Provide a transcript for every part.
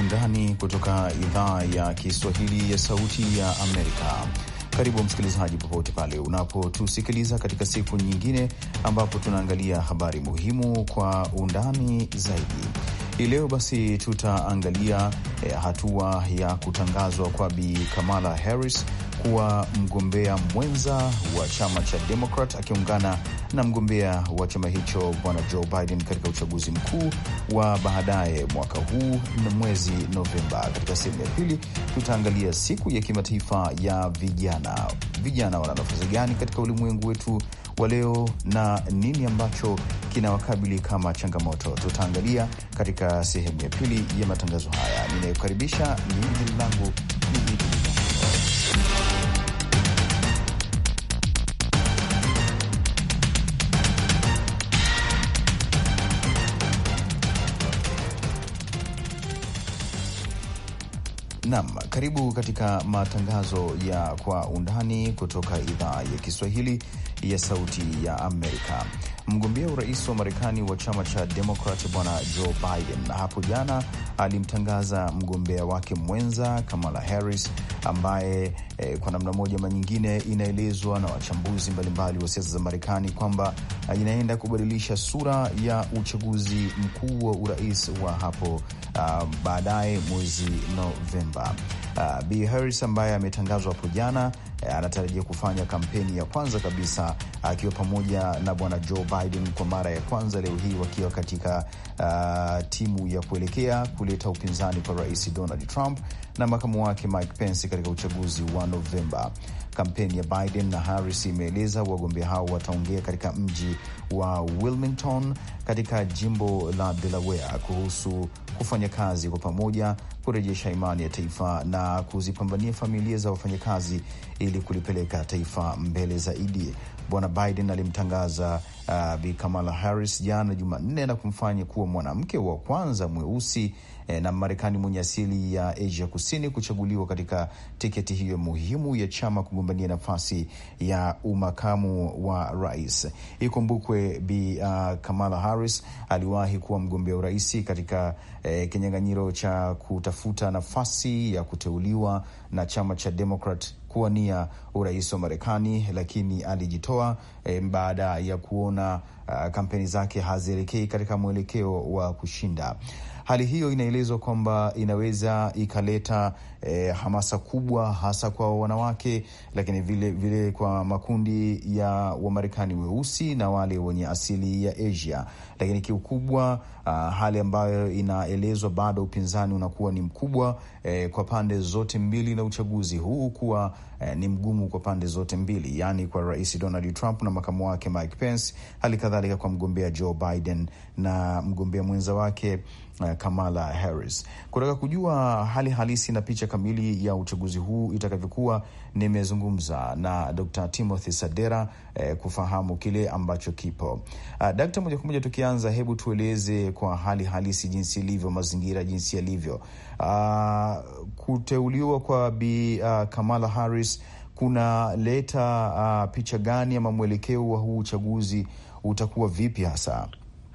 undani kutoka idhaa ya Kiswahili ya Sauti ya Amerika. Karibu msikilizaji, popote pale unapotusikiliza katika siku nyingine ambapo tunaangalia habari muhimu kwa undani zaidi. Hii leo basi tutaangalia eh, hatua ya kutangazwa kwa Bi Kamala Harris kuwa mgombea mwenza wa chama cha Demokrat akiungana na mgombea wa chama hicho bwana Joe Biden katika uchaguzi mkuu wa baadaye mwaka huu na mwezi Novemba. Katika sehemu ya pili, tutaangalia siku ya kimataifa ya vijana. Vijana wana nafasi gani katika ulimwengu wetu wa leo na nini ambacho kinawakabili kama changamoto? Tutaangalia katika sehemu ya pili ya matangazo haya. Ninayokaribisha ni jina langu nam karibu katika matangazo ya kwa undani kutoka idhaa ya Kiswahili ya Sauti ya Amerika. Mgombea urais wa Marekani wa chama cha Demokrat Bwana Joe Biden hapo jana alimtangaza mgombea wake mwenza Kamala Harris ambaye eh, kwa namna moja ama nyingine inaelezwa na wachambuzi mbalimbali wa siasa za Marekani kwamba uh, inaenda kubadilisha sura ya uchaguzi mkuu wa urais wa hapo uh, baadaye mwezi Novemba. Uh, e, B Harris ambaye ametangazwa hapo jana anatarajia kufanya kampeni ya kwanza kabisa akiwa pamoja na bwana Joe Biden kwa mara ya kwanza leo hii wakiwa katika uh, timu ya kuelekea kuleta upinzani kwa rais Donald Trump na makamu wake Mike Pence katika uchaguzi wa Novemba. Kampeni ya Biden na Harris imeeleza wagombea hao wataongea katika mji wa Wilmington katika jimbo la Delaware kuhusu kufanya kazi kwa pamoja, kurejesha imani ya taifa na kuzipambania familia za wafanyakazi ili kulipeleka taifa mbele zaidi. Bwana Biden alimtangaza uh, Bi Kamala Harris jana Jumanne na kumfanya kuwa mwanamke wa kwanza mweusi eh, na Marekani mwenye asili ya Asia Kusini kuchaguliwa katika tiketi hiyo muhimu ya chama kugombania nafasi ya umakamu wa rais. Ikumbukwe Bi uh, Kamala Harris aliwahi kuwa mgombea urais katika eh, kinyang'anyiro cha kutafuta nafasi ya kuteuliwa na chama cha Democrat kuwania urais wa Marekani, lakini alijitoa eh, baada ya kuona uh, kampeni zake hazielekei katika mwelekeo wa kushinda. Hali hiyo inaelezwa kwamba inaweza ikaleta e, hamasa kubwa hasa kwa wanawake, lakini vile vile kwa makundi ya Wamarekani weusi na wale wenye asili ya Asia. Lakini kiukubwa, uh, hali ambayo inaelezwa bado upinzani unakuwa ni mkubwa e, kwa pande zote mbili, na uchaguzi huu kuwa e, ni mgumu kwa pande zote mbili, yaani kwa Rais Donald Trump na makamu wake Mike Pence, hali kadhalika kwa mgombea Joe Biden na mgombea mwenza wake uh, Kamala Harris. Kutaka kujua hali halisi na picha kamili ya uchaguzi huu itakavyokuwa, nimezungumza na Dr. Timothy Sadera eh, kufahamu kile ambacho kipo. Uh, dakta, moja kwa moja tukianza, hebu tueleze kwa hali halisi jinsi ilivyo, mazingira jinsi yalivyo. Uh, kuteuliwa kwa Bi uh, Kamala Harris kunaleta uh, picha gani ama mwelekeo wa huu uchaguzi utakuwa vipi hasa?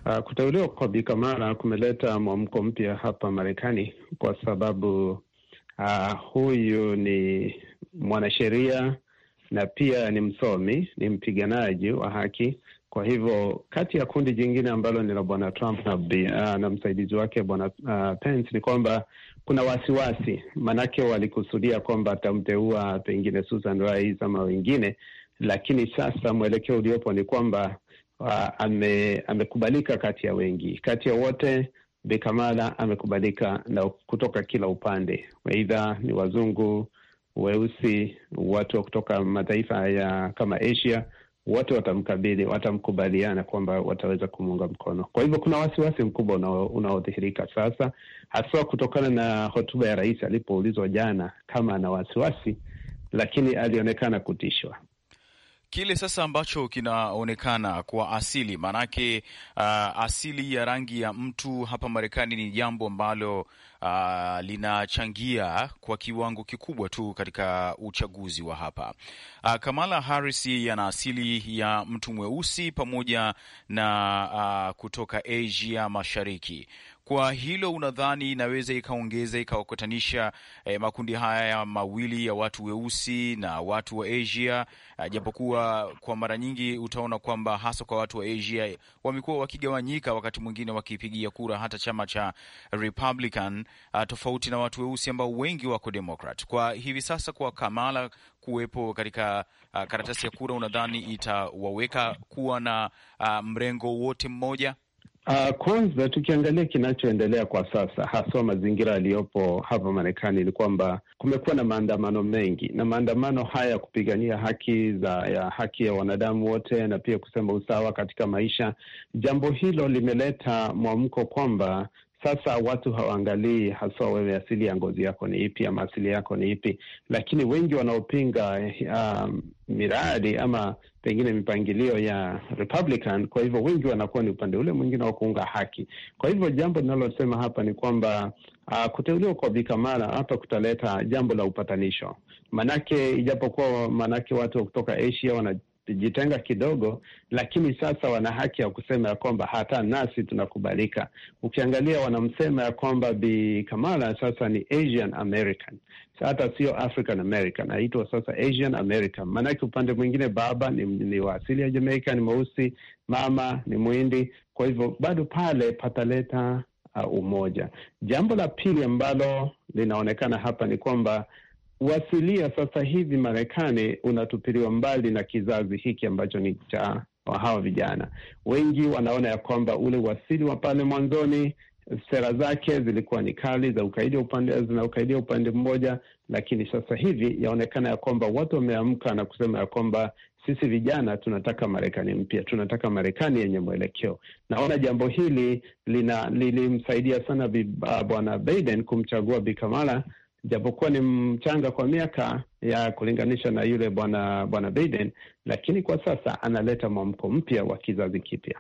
Uh, kuteuliwa kwa Bi Kamala kumeleta mwamko mpya hapa Marekani kwa sababu Uh, huyu ni mwanasheria na pia ni msomi, ni mpiganaji wa haki. Kwa hivyo kati ya kundi jingine ambalo ni la bwana Trump na, uh, na msaidizi wake bwana uh, Pence ni kwamba kuna wasiwasi, maanake walikusudia kwamba atamteua pengine Susan Rice ama wengine, lakini sasa mwelekeo uliopo ni kwamba uh, ame, amekubalika kati ya wengi, kati ya wote Bi Kamala amekubalika na kutoka kila upande, aidha ni wazungu, weusi, watu wa kutoka mataifa ya kama Asia, wote watamkabili, watamkubaliana kwamba wataweza kumuunga mkono. Kwa hivyo kuna wasiwasi mkubwa unaodhihirika sasa, haswa kutokana na hotuba ya rais alipoulizwa jana kama ana wasiwasi, lakini alionekana kutishwa kile sasa ambacho kinaonekana kwa asili, maanake uh, asili ya rangi ya mtu hapa Marekani ni jambo ambalo uh, linachangia kwa kiwango kikubwa tu katika uchaguzi wa hapa. Uh, Kamala Harris yana asili ya mtu mweusi pamoja na uh, kutoka Asia Mashariki kwa hilo unadhani inaweza ikaongeza ikawakutanisha eh, makundi haya mawili ya watu weusi na watu wa Asia eh, japokuwa kwa mara nyingi utaona kwamba hasa kwa watu wa Asia wamekuwa wakigawanyika, wakati mwingine wakipigia kura hata chama cha Republican eh, tofauti na watu weusi ambao wengi wako Democrat. Kwa hivi sasa kwa Kamala kuwepo katika uh, karatasi ya kura, unadhani itawaweka kuwa na uh, mrengo wote mmoja? Uh, kwanza tukiangalia kinachoendelea kwa sasa haswa mazingira yaliyopo hapa Marekani ni kwamba kumekuwa na maandamano mengi, na maandamano haya ya kupigania haki za ya haki ya wanadamu wote na pia kusema usawa katika maisha. Jambo hilo limeleta mwamko kwamba sasa watu hawaangalii haswa wewe asili ya ngozi yako ni ipi ama asili yako ni ipi, lakini wengi wanaopinga um, miradi ama pengine mipangilio ya Republican. Kwa hivyo wengi wanakuwa ni upande ule mwingine wa kuunga haki. Kwa hivyo jambo linalosema hapa ni kwamba uh, kuteuliwa kwa Bikamara hapa kutaleta jambo la upatanisho, manake ijapokuwa manake watu kutoka Asia wana kujitenga kidogo, lakini sasa wana haki ya kusema ya kwamba hata nasi tunakubalika. Ukiangalia wanamsema ya kwamba Bi Kamala sasa ni Asian American, hata sio African American, aitwa sasa Asian American. Maanake upande mwingine baba ni, ni wa asili ya Jamaica, ni mweusi, mama ni Mwindi. Kwa hivyo bado pale pataleta uh, umoja. Jambo la pili ambalo linaonekana hapa ni kwamba uasilia sasa hivi Marekani unatupiliwa mbali na kizazi hiki ambacho ni cha hawa vijana. Wengi wanaona ya kwamba ule uasili wa pale mwanzoni sera zake zilikuwa ni kali za ukaidia upande, ukaidia upande mmoja, lakini sasa hivi yaonekana ya kwamba watu wameamka na kusema ya kwamba sisi vijana tunataka Marekani mpya, tunataka Marekani yenye mwelekeo. Naona jambo hili lina lilimsaidia sana ah, Bwana Biden kumchagua Bi Kamala japokuwa ni mchanga kwa miaka ya kulinganisha na yule bwana bwana Biden, lakini kwa sasa analeta mwamko mpya wa kizazi kipya.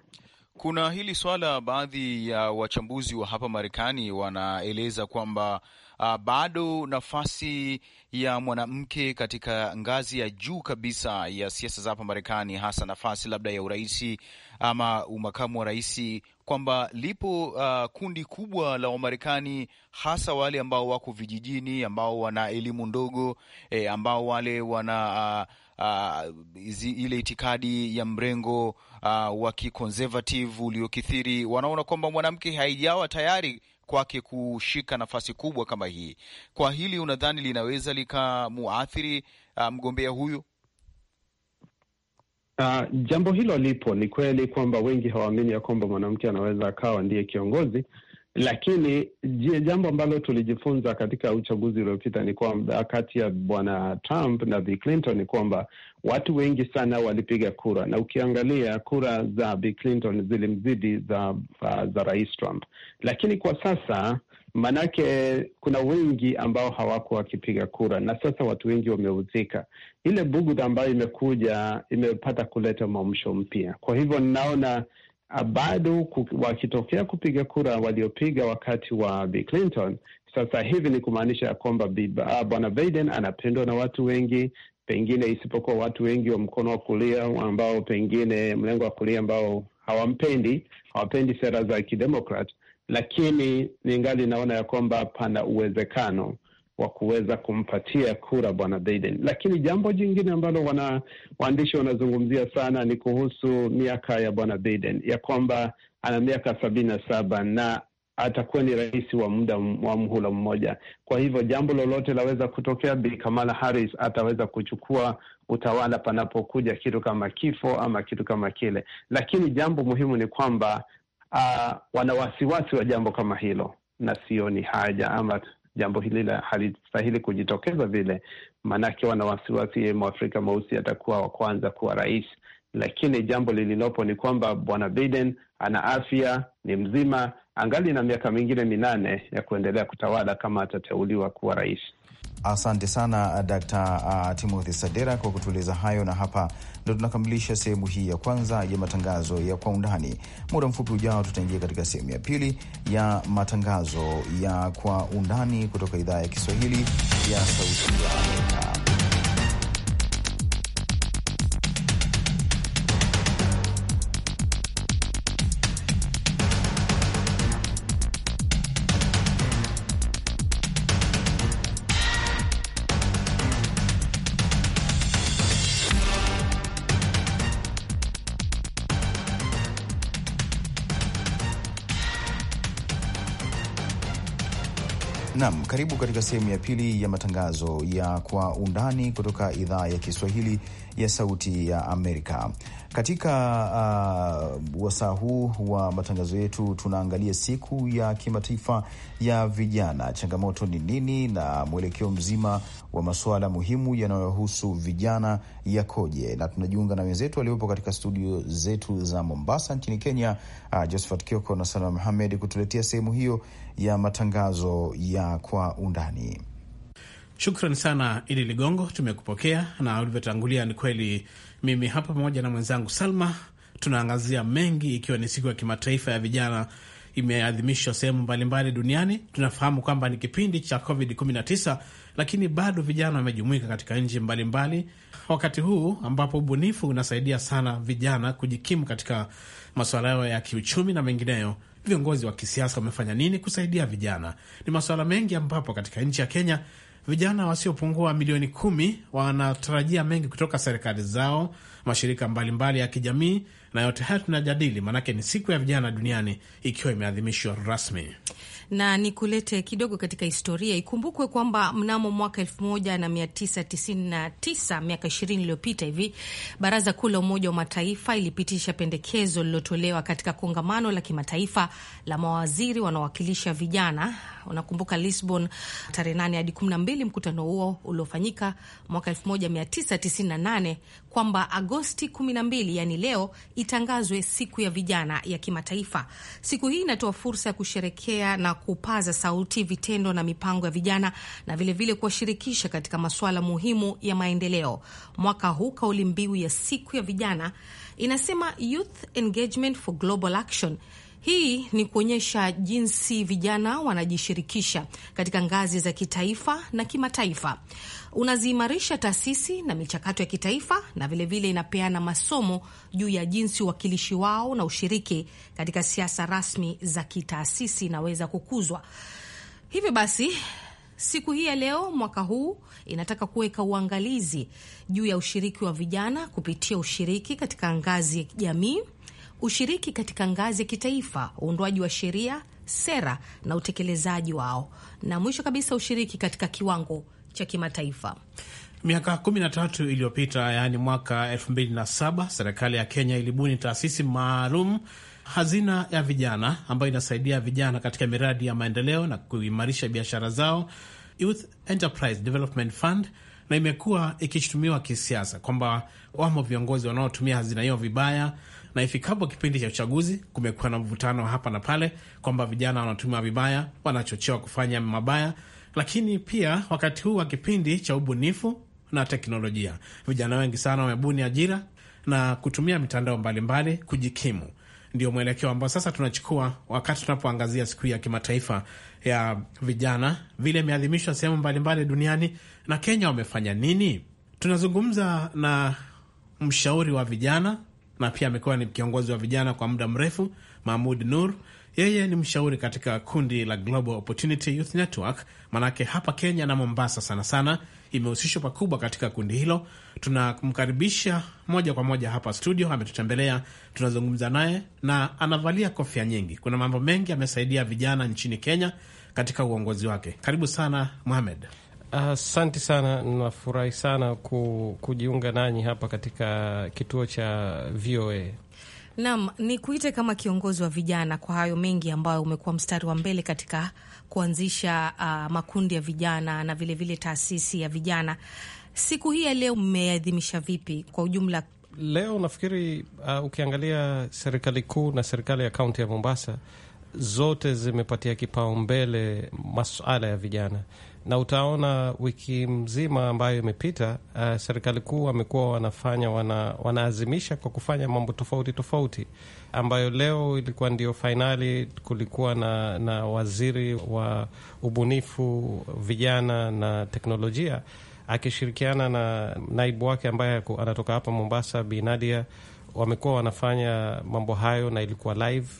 Kuna hili swala, baadhi ya wachambuzi wa hapa Marekani wanaeleza kwamba uh, bado nafasi ya mwanamke katika ngazi ya juu kabisa ya siasa za hapa Marekani, hasa nafasi labda ya uraisi ama umakamu wa raisi, kwamba lipo uh, kundi kubwa la Wamarekani hasa wale ambao wako vijijini, ambao wana elimu ndogo eh, ambao wale wana uh, Uh, zi, ile itikadi ya mrengo uh, wa kiconservative uliokithiri wanaona kwamba mwanamke haijawa tayari kwake kushika nafasi kubwa kama hii. Kwa hili unadhani linaweza likamuathiri uh, mgombea huyu? Uh, jambo hilo lipo. Ni kweli kwamba wengi hawaamini ya kwamba mwanamke anaweza akawa ndiye kiongozi, lakini jambo ambalo tulijifunza katika uchaguzi uliopita ni kwamba kati ya bwana Trump na Bi Clinton ni kwamba watu wengi sana walipiga kura, na ukiangalia kura za Bi Clinton zilimzidi za, uh, za rais Trump. Lakini kwa sasa maanake kuna wengi ambao hawakuwa wakipiga kura, na sasa watu wengi wameuzika. Ile bugudha ambayo imekuja imepata kuleta mwamsho mpya. Kwa hivyo ninaona Ah, bado wakitokea kupiga kura waliopiga wakati wa Bi Clinton. Sasa hivi ni kumaanisha ya kwamba ah, bwana Biden anapendwa na watu wengi, pengine isipokuwa watu wengi wa mkono wa kulia ambao pengine mlengo wa kulia ambao hawampendi, hawapendi sera za kidemokrat, lakini ningali naona ya kwamba pana uwezekano wa kuweza kumpatia kura bwana Biden. Lakini jambo jingine ambalo wana, waandishi wanazungumzia sana ni kuhusu miaka ya bwana Biden, ya kwamba ana miaka sabini na saba na atakuwa ni rais wa muda wa mhula mmoja. Kwa hivyo jambo lolote laweza kutokea, Bi Kamala Harris ataweza kuchukua utawala panapokuja kitu kama kifo ama kitu kama kile. Lakini jambo muhimu ni kwamba uh, wana wasiwasi wa jambo kama hilo, na sioni haja ama jambo hili halistahili kujitokeza vile, maanake wana wasiwasi mwafrika mweusi atakuwa wa kwanza kuwa rais. Lakini jambo lililopo ni kwamba bwana Biden ana afya, ni mzima, angali na miaka mingine minane ya kuendelea kutawala kama atateuliwa kuwa rais. Asante sana Dkt. Timothy Sadera kwa kutueleza hayo, na hapa ndo tunakamilisha sehemu hii ya kwanza ya matangazo ya kwa undani. Muda mfupi ujao, tutaingia katika sehemu ya pili ya matangazo ya kwa undani kutoka idhaa ya Kiswahili ya Sauti ya Amerika. Karibu katika sehemu ya pili ya matangazo ya Kwa Undani kutoka idhaa ya Kiswahili ya Sauti ya Amerika. Katika uh, wasaa huu wa matangazo yetu tunaangalia siku ya kimataifa ya vijana, changamoto ni nini na mwelekeo mzima wa masuala muhimu yanayohusu vijana yakoje, na tunajiunga na wenzetu waliopo katika studio zetu za Mombasa nchini Kenya, uh, Josephat Kioko na Salma Muhamed kutuletea sehemu hiyo ya matangazo ya kwa undani. Shukran sana Idi Ligongo, tumekupokea na ulivyotangulia, ni kweli. Mimi hapa pamoja na mwenzangu Salma tunaangazia mengi, ikiwa ni siku ya kimataifa ya vijana imeadhimishwa sehemu mbalimbali duniani. Tunafahamu kwamba ni kipindi cha COVID-19, lakini bado vijana wamejumuika katika nchi mbalimbali, wakati huu ambapo ubunifu unasaidia sana vijana kujikimu katika masuala yao ya kiuchumi na mengineyo. Viongozi wa kisiasa wamefanya nini kusaidia vijana? Ni masuala mengi ambapo katika nchi ya Kenya vijana wasiopungua milioni kumi wanatarajia mengi kutoka serikali zao, mashirika mbalimbali mbali ya kijamii, na yote haya tunajadili, maanake ni siku ya vijana duniani ikiwa imeadhimishwa rasmi na nikulete kidogo katika historia. Ikumbukwe kwamba mnamo mwaka 1999 miaka 20 iliyopita hivi, baraza kuu la Umoja wa Mataifa ilipitisha pendekezo lililotolewa katika kongamano la kimataifa la mawaziri wanaowakilisha vijana, unakumbuka Lisbon, tarehe 8 hadi 12, mkutano huo uliofanyika mwaka 1998 kwamba Agosti 12, yani leo, itangazwe siku ya vijana ya kimataifa. Siku hii inatoa fursa ya kusherekea na kupaza sauti vitendo na mipango ya vijana na vilevile kuwashirikisha katika masuala muhimu ya maendeleo. Mwaka huu kauli mbiu ya siku ya vijana inasema Youth Engagement for Global Action hii ni kuonyesha jinsi vijana wanajishirikisha katika ngazi za kitaifa na kimataifa, unaziimarisha taasisi na michakato ya kitaifa, na vilevile vile inapeana masomo juu ya jinsi uwakilishi wao na ushiriki katika siasa rasmi za kitaasisi inaweza kukuzwa. Hivyo basi siku hii ya leo mwaka huu inataka kuweka uangalizi juu ya ushiriki wa vijana kupitia ushiriki katika ngazi ya kijamii ushiriki katika ngazi ya kitaifa, uundwaji wa sheria, sera na utekelezaji wao, na mwisho kabisa ushiriki katika kiwango cha kimataifa. Miaka 13 iliyopita, yaani mwaka 2007, serikali ya Kenya ilibuni taasisi maalum hazina ya vijana ambayo inasaidia vijana katika miradi ya maendeleo na kuimarisha biashara zao, Youth Enterprise Development Fund, na imekuwa ikishutumiwa kisiasa kwamba wamo viongozi wanaotumia hazina hiyo vibaya na ifikapo kipindi cha uchaguzi, kumekuwa na mvutano hapa na pale kwamba vijana wanatumia vibaya, wanachochewa kufanya mabaya, lakini pia wakati huu wa kipindi cha ubunifu na teknolojia, vijana wengi sana wamebuni ajira na kutumia mitandao mbalimbali kujikimu. Ndio mwelekeo ambao sasa tunachukua wakati tunapoangazia siku ya kimataifa ya vijana, vile imeadhimishwa sehemu mbalimbali duniani na Kenya wamefanya nini? Tunazungumza na mshauri wa vijana na pia amekuwa ni kiongozi wa vijana kwa muda mrefu. Mahmud Nur yeye ni mshauri katika kundi la Global Opportunity Youth Network, manake hapa Kenya na Mombasa sana sana imehusishwa pakubwa katika kundi hilo. Tunamkaribisha moja kwa moja hapa studio, ametutembelea, tunazungumza naye na anavalia kofia nyingi. Kuna mambo mengi amesaidia vijana nchini Kenya katika uongozi wake. Karibu sana Mohamed. Asante uh, sana. Nafurahi sana ku, kujiunga nanyi hapa katika kituo cha VOA. Naam, ni kuite kama kiongozi wa vijana kwa hayo mengi ambayo umekuwa mstari wa mbele katika kuanzisha uh, makundi ya vijana na vilevile vile taasisi ya vijana. Siku hii ya leo mmeadhimisha vipi kwa ujumla? Leo nafikiri uh, ukiangalia serikali kuu na serikali ya kaunti ya Mombasa zote zimepatia kipaumbele masuala ya vijana, na utaona wiki mzima ambayo imepita, uh, serikali kuu wamekuwa wanafanya wana, wanaazimisha kwa kufanya mambo tofauti tofauti, ambayo leo ilikuwa ndio fainali. Kulikuwa na, na waziri wa ubunifu, vijana na teknolojia akishirikiana na naibu wake ambaye anatoka hapa Mombasa, binadia wamekuwa wanafanya mambo hayo na ilikuwa live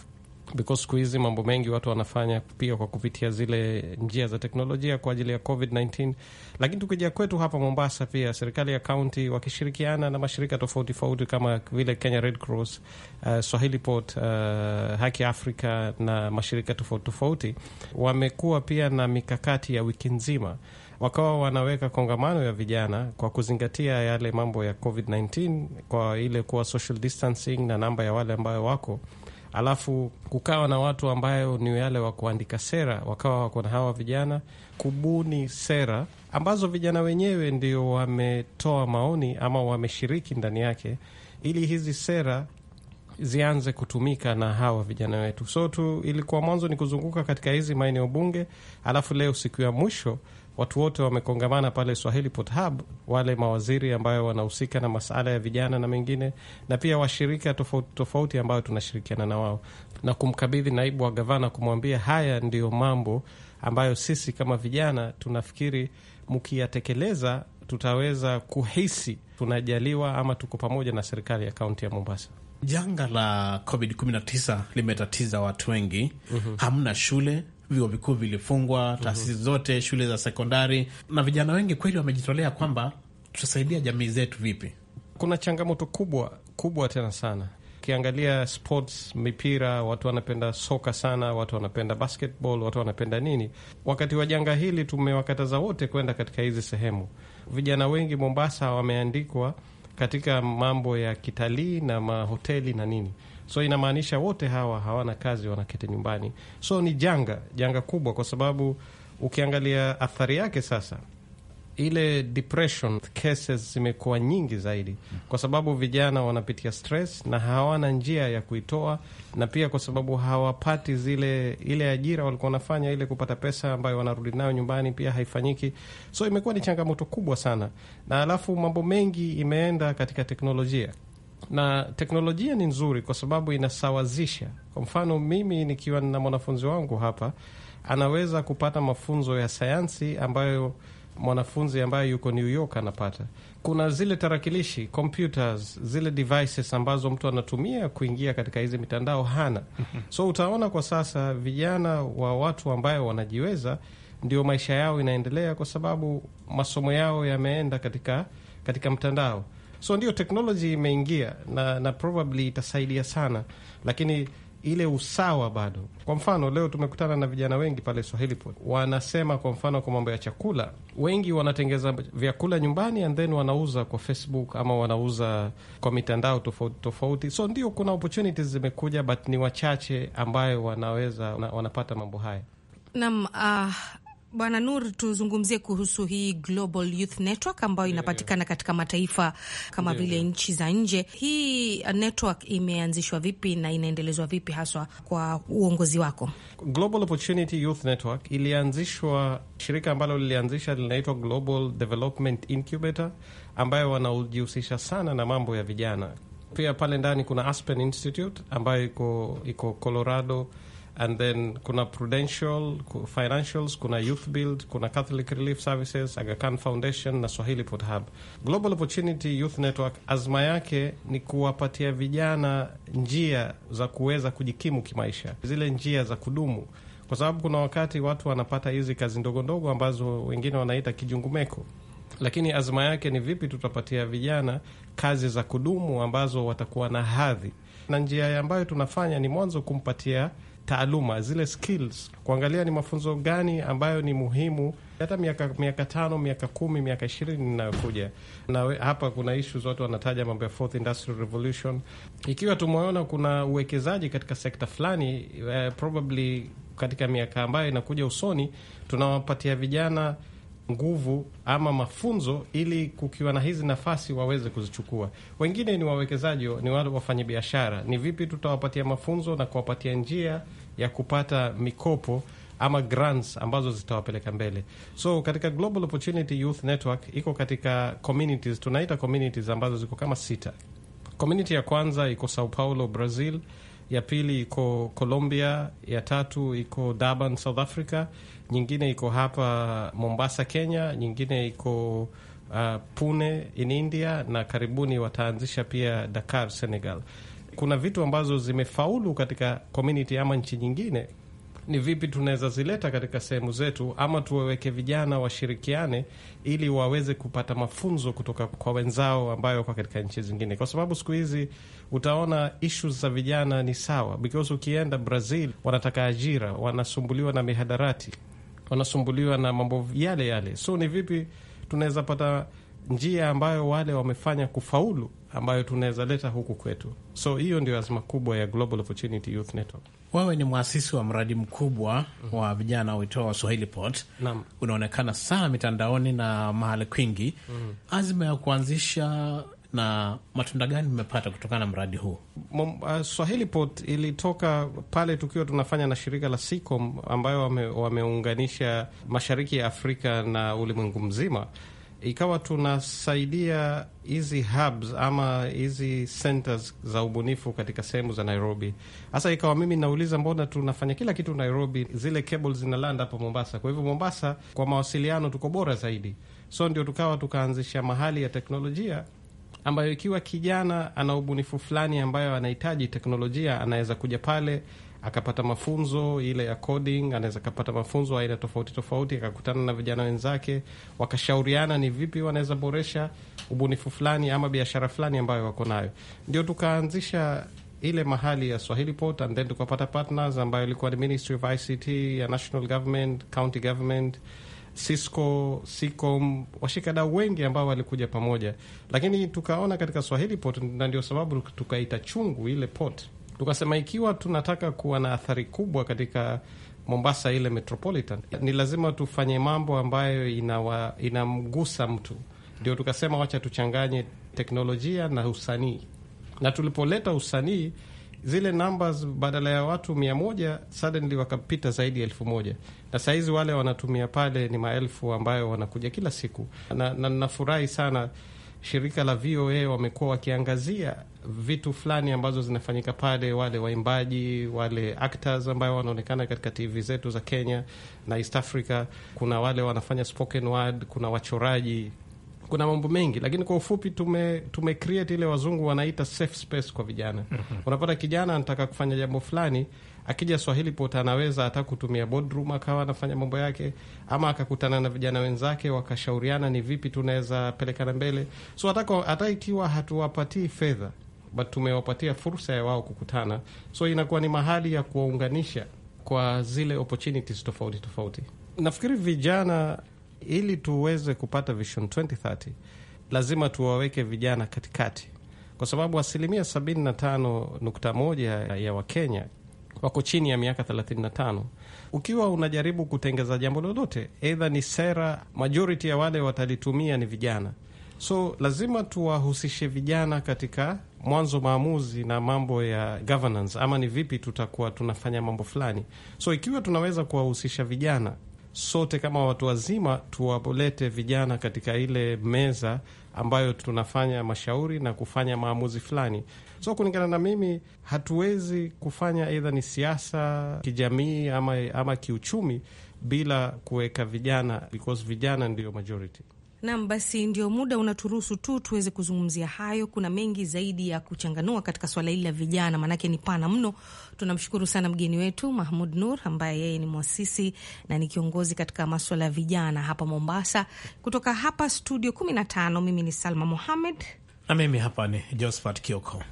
because siku hizi mambo mengi watu wanafanya pia kwa kupitia zile njia za teknolojia kwa ajili ya COVID-19. Lakini tukija kwetu hapa Mombasa, pia serikali ya kaunti wakishirikiana na mashirika tofauti tofauti kama vile Kenya Red Cross, uh, Swahili Port, uh, Haki Africa na mashirika tofauti tofauti wamekuwa pia na mikakati ya wiki nzima wakawa wanaweka kongamano ya vijana kwa kuzingatia yale mambo ya COVID-19 kwa ile kuwa social distancing na namba ya wale ambayo wako alafu kukawa na watu ambayo ni wale wa kuandika sera, wakawa wako na hawa vijana kubuni sera ambazo vijana wenyewe ndio wametoa maoni ama wameshiriki ndani yake, ili hizi sera zianze kutumika na hawa vijana wetu. So tu ilikuwa mwanzo ni kuzunguka katika hizi maeneo bunge, alafu leo siku ya mwisho watu wote wamekongamana pale Swahili Pot Hub, wale mawaziri ambayo wanahusika na masala ya vijana na mengine, na pia washirika tofauti tofauti ambayo tunashirikiana na wao na kumkabidhi naibu wa gavana, kumwambia haya ndiyo mambo ambayo sisi kama vijana tunafikiri mkiyatekeleza tutaweza kuhisi tunajaliwa ama tuko pamoja na serikali ya kaunti ya Mombasa. Janga la COVID-19 limetatiza watu wengi. mm -hmm. Hamna shule, vyuo vikuu vilifungwa, mhm. taasisi zote, shule za sekondari, na vijana wengi kweli wamejitolea kwamba tutasaidia jamii zetu vipi. Kuna changamoto kubwa kubwa tena sana Ukiangalia sports, mipira, watu wanapenda soka sana, watu wanapenda basketball, watu wanapenda nini. Wakati wa janga hili tumewakataza wote kwenda katika hizi sehemu. Vijana wengi Mombasa wameandikwa katika mambo ya kitalii na mahoteli na nini so inamaanisha wote hawa hawana kazi, wanaketi nyumbani. So ni janga, janga kubwa, kwa sababu ukiangalia athari yake sasa ile depression cases zimekuwa nyingi zaidi, kwa sababu vijana wanapitia stress na hawana njia ya kuitoa, na pia kwa sababu hawapati zile ile ajira walikuwa wanafanya, ile kupata pesa ambayo wanarudi nayo nyumbani pia haifanyiki. So imekuwa ni changamoto kubwa sana, na alafu mambo mengi imeenda katika teknolojia na teknolojia ni nzuri kwa sababu inasawazisha. Kwa mfano, mimi nikiwa na mwanafunzi wangu hapa, anaweza kupata mafunzo ya sayansi ambayo mwanafunzi ambaye yuko New York anapata. Kuna zile tarakilishi computers, zile devices ambazo mtu anatumia kuingia katika hizi mitandao hana. So utaona kwa sasa vijana wa watu ambayo wanajiweza ndio maisha yao inaendelea, kwa sababu masomo yao yameenda katika, katika mtandao. So ndio teknoloji imeingia na, na probably itasaidia sana, lakini ile usawa bado. Kwa mfano leo tumekutana na vijana wengi pale Swahili Pot, wanasema kwa mfano kwa mambo ya chakula, wengi wanatengeza vyakula nyumbani and then wanauza kwa Facebook ama wanauza kwa mitandao tofauti tofauti. So ndio kuna opportunities zimekuja, but ni wachache ambayo wanaweza wana, wanapata mambo haya. nam uh, ah, Bwana Nur, tuzungumzie kuhusu hii Global Youth Network ambayo inapatikana katika mataifa kama vile nchi za nje. Hii network imeanzishwa vipi na inaendelezwa vipi haswa kwa uongozi wako? Global Opportunity Youth Network ilianzishwa, shirika ambalo lilianzisha linaitwa Global Development Incubator, ambayo wanaojihusisha sana na mambo ya vijana. Pia pale ndani kuna Aspen Institute ambayo iko iko Colorado and then kuna Prudential, Financials, kuna Youth Build, kuna Catholic Relief Services, Aga Khan Foundation na Swahili Pot Hub. Global Opportunity Youth Network azma yake ni kuwapatia vijana njia za kuweza kujikimu kimaisha, zile njia za kudumu kwa sababu kuna wakati watu wanapata hizi kazi ndogo ndogo ambazo wengine wanaita kijungumeko, lakini azma yake ni vipi tutapatia vijana kazi za kudumu ambazo watakuwa na hadhi, na njia ambayo tunafanya ni mwanzo kumpatia taaluma zile skills, kuangalia ni mafunzo gani ambayo ni muhimu hata miaka miaka tano miaka kumi miaka ishirini inayokuja. Na hapa kuna ishu zote wanataja mambo ya fourth industrial revolution. Ikiwa tumeona kuna uwekezaji katika sekta fulani, uh, probably katika miaka ambayo inakuja usoni, tunawapatia vijana nguvu ama mafunzo ili kukiwa na hizi nafasi waweze kuzichukua. Wengine ni wawekezaji, ni wale wafanyabiashara. Ni vipi tutawapatia mafunzo na kuwapatia njia ya kupata mikopo ama grants ambazo zitawapeleka mbele. So katika Global Opportunity Youth Network iko katika communities, tunaita communities ambazo ziko kama sita. Community ya kwanza iko Sao Paulo, Brazil, ya pili iko Colombia, ya tatu iko Durban, South Africa nyingine iko hapa Mombasa, Kenya, nyingine iko uh, Pune in India, na karibuni wataanzisha pia Dakar, Senegal. Kuna vitu ambazo zimefaulu katika community ama nchi nyingine, ni vipi tunaweza zileta katika sehemu zetu, ama tuwaweke vijana washirikiane ili waweze kupata mafunzo kutoka kwa wenzao ambayo wako katika nchi zingine, kwa sababu siku hizi utaona issues za vijana ni sawa, because ukienda Brazil wanataka ajira, wanasumbuliwa na mihadarati wanasumbuliwa na mambo yale yale. So ni vipi tunaweza pata njia ambayo wale wamefanya kufaulu ambayo tunaweza leta huku kwetu. So hiyo ndio azma kubwa ya Global Opportunity Youth Network. Wewe ni mwasisi wa mradi mkubwa mm -hmm. wa vijana uitwao Swahili Pot, unaonekana sana mitandaoni na mahali kwingi mm -hmm. azma ya kuanzisha na matunda gani mmepata kutokana na mradi huu? Uh, Swahili Pot ilitoka pale tukiwa tunafanya na shirika la SICOM ambayo wame, wameunganisha mashariki ya Afrika na ulimwengu mzima ikawa tunasaidia hizi hubs ama hizi centers za ubunifu katika sehemu za Nairobi. Hasa ikawa mimi nauliza, mbona tunafanya kila kitu Nairobi, zile zina land hapa Mombasa? Kwa hivyo Mombasa kwa mawasiliano tuko bora zaidi, so ndio tukawa tukaanzisha mahali ya teknolojia ambayo ikiwa kijana ana ubunifu fulani ambayo anahitaji teknolojia, anaweza kuja pale akapata mafunzo ile ya coding, anaweza akapata mafunzo aina tofauti tofauti, akakutana na vijana wenzake, wakashauriana ni vipi wanaweza boresha ubunifu fulani ama biashara fulani ambayo wako nayo. Ndio tukaanzisha ile mahali ya Swahili Port and then tukapata partners ambayo ilikuwa ni Ministry of ICT ya National Government, County Government Cisco Sicom, washikadau wengi ambao walikuja pamoja, lakini tukaona katika Swahili Pot, na ndio sababu tukaita chungu ile pot, tukasema ikiwa tunataka kuwa na athari kubwa katika Mombasa ile metropolitan, ni lazima tufanye mambo ambayo inawa, inamgusa mtu. Ndio tukasema wacha tuchanganye teknolojia na usanii, na tulipoleta usanii zile numbers badala ya watu mia moja suddenly wakapita zaidi ya elfu moja na sahizi wale wanatumia pale ni maelfu ambayo wanakuja kila siku, na ninafurahi sana shirika la VOA wamekuwa wakiangazia vitu fulani ambazo zinafanyika pale, wale waimbaji, wale actors ambayo wanaonekana katika TV zetu za Kenya na East Africa. Kuna wale wanafanya spoken word, kuna wachoraji, kuna mambo mengi, lakini kwa ufupi tume, tume create ile wazungu wanaita safe space kwa vijana mhm. Unapata kijana anataka kufanya jambo fulani akija Swahili Pot anaweza hata kutumia boardroom akawa anafanya mambo yake, ama akakutana na vijana wenzake wakashauriana ni vipi tunaweza pelekana mbele. So hata ikiwa hatuwapatii fedha but tumewapatia fursa ya wao kukutana, so inakuwa ni mahali ya kuwaunganisha kwa zile opportunities tofauti tofauti. Nafikiri vijana ili tuweze kupata Vision 2030 lazima tuwaweke vijana katikati, kwa sababu asilimia 75.1 ya Wakenya wako chini ya miaka 35. Ukiwa unajaribu kutengeza jambo lolote, eidha ni sera, majority ya wale watalitumia ni vijana, so lazima tuwahusishe vijana katika mwanzo maamuzi na mambo ya governance, ama ni vipi tutakuwa tunafanya mambo fulani. So ikiwa tunaweza kuwahusisha vijana sote kama watu wazima tuwalete vijana katika ile meza ambayo tunafanya mashauri na kufanya maamuzi fulani. So kulingana na mimi, hatuwezi kufanya aidha ni siasa kijamii ama, ama kiuchumi bila kuweka vijana because vijana ndiyo majority. Nam, basi ndio muda unaturuhusu tu tuweze kuzungumzia hayo. Kuna mengi zaidi ya kuchanganua katika swala hili la vijana, maanake ni pana mno. Tunamshukuru sana mgeni wetu Mahmud Nur ambaye yeye ni mwasisi na ni kiongozi katika maswala ya vijana hapa Mombasa. Kutoka hapa studio 15, mimi ni Salma Mohamed na mimi hapa ni Josphat Kioko.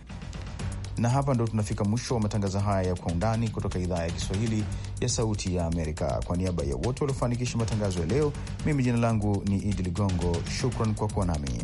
Na hapa ndo tunafika mwisho wa matangazo haya ya Kwa Undani kutoka idhaa ya Kiswahili ya Sauti ya Amerika. Kwa niaba ya wote waliofanikisha matangazo ya leo, mimi jina langu ni Idi Ligongo. Shukran kwa kuwa nami.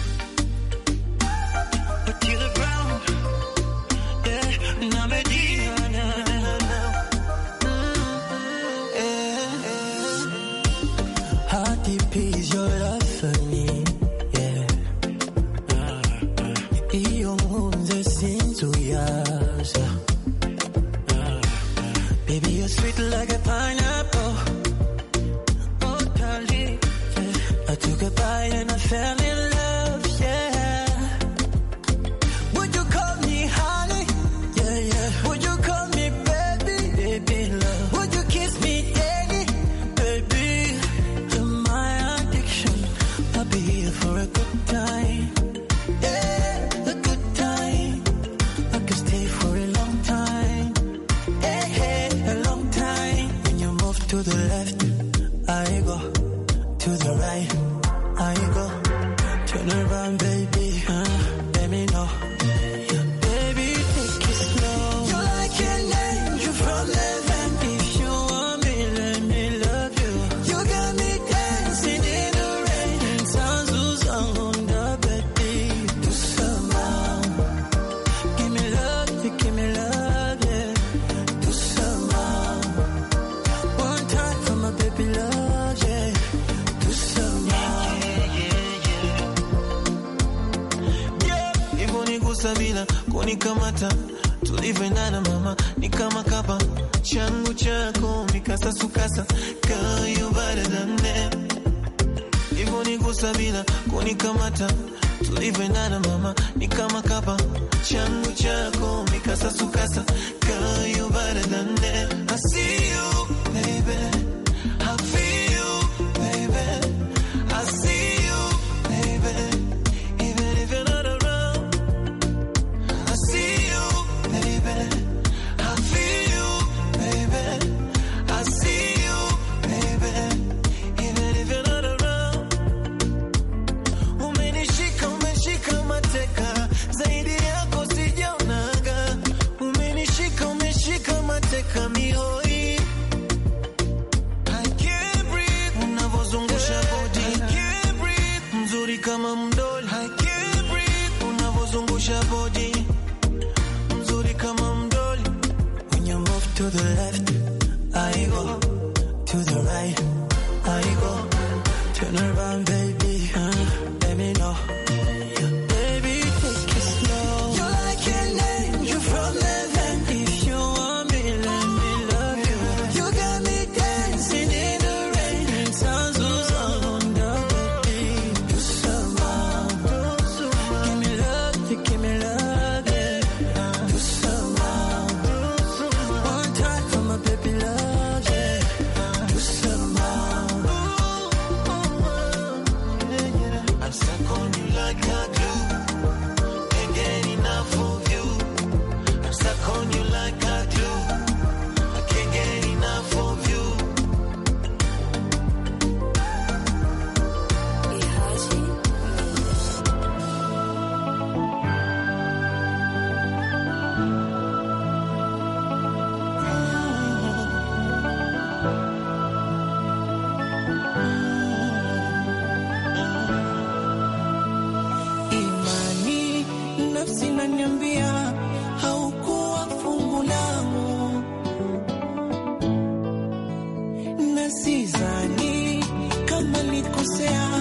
sea.